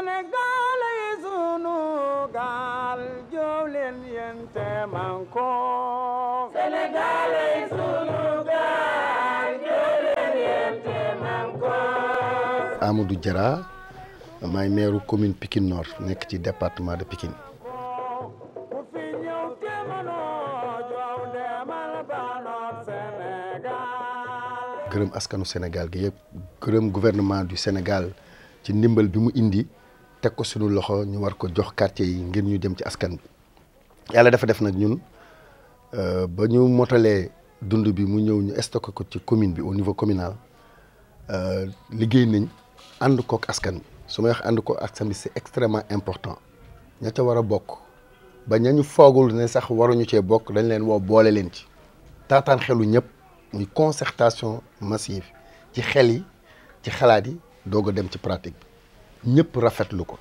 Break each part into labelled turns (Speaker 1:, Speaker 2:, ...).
Speaker 1: Sénégal ay may gaal jóow leen yéen te manko Sénégal ay sunu gaal jóow leen yéen te manko
Speaker 2: Amadou Diarra nekk ci département de Pikine gërëm askanu Sénégal gi yëpp gërëm gouvernement du Sénégal ci ndimbal bi mu indi teg ko suñu loxo ñu war ko jox quartier yi ngir ñu dem ci askan bi yàlla dafa def nag ñun euh, ba ñu motalee dund bi mu ñëw ñu stocké ko ci commune bi au niveau communal euh, liggéey nañ ànd kook askan bi su may wax ànd kook askan bi c'est extrêmement important ña ca war a bokk ba ñañu foogul ne sax waruñu cee bokk dañ leen woo boole leen ci taataan xelu ñëpp muy concertation massive ci xel yi ci xalaat yi doog a dem ci pratique ñëpp rafetlu ko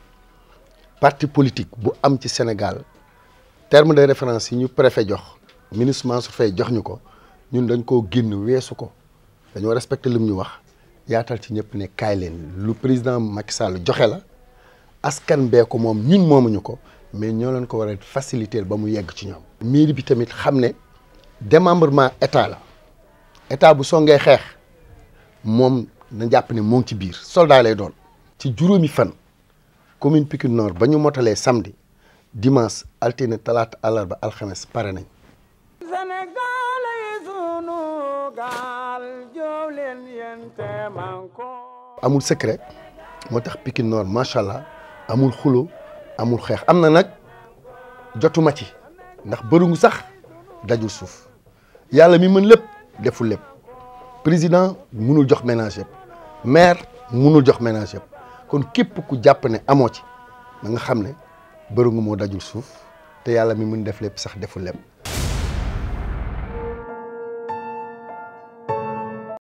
Speaker 2: parti politique bu am ci Sénégal terme de référence yi ñu préfet jox ministre Mansour Faye jox ñu ko ñun dañ koo génn weesu ko dañoo respecté lim ñu wax yaatal ci ñëpp ne kaay leen lu président Macky Sall joxe la askan bee ko moom ñun moomuñu ko mais ñoo leen ko war a faciliter ba mu yegg ci ñoom. mairie bi tamit xam ne démembrement état la état bu songee xeex moom na jàpp ne moo ngi ci biir soldat lay doon ci juróomi fan commune Pikine Nord ba ñu motalee samedi dimanche altine talaata àllarba alxames pare nañ. amul secret moo tax Pikine Nord macha allah amul xulo amul xeex am na nag jotuma ci ndax bërugu sax dajul suuf yàlla mi mën lépp deful lépp président mënul jox ménage yëpp maire mënul jox ménage yëpp kon képp ku jàpp ne amoo ci na nga xam ne bëri moo dajul suuf te yàlla mi mun def lépp sax deful lépp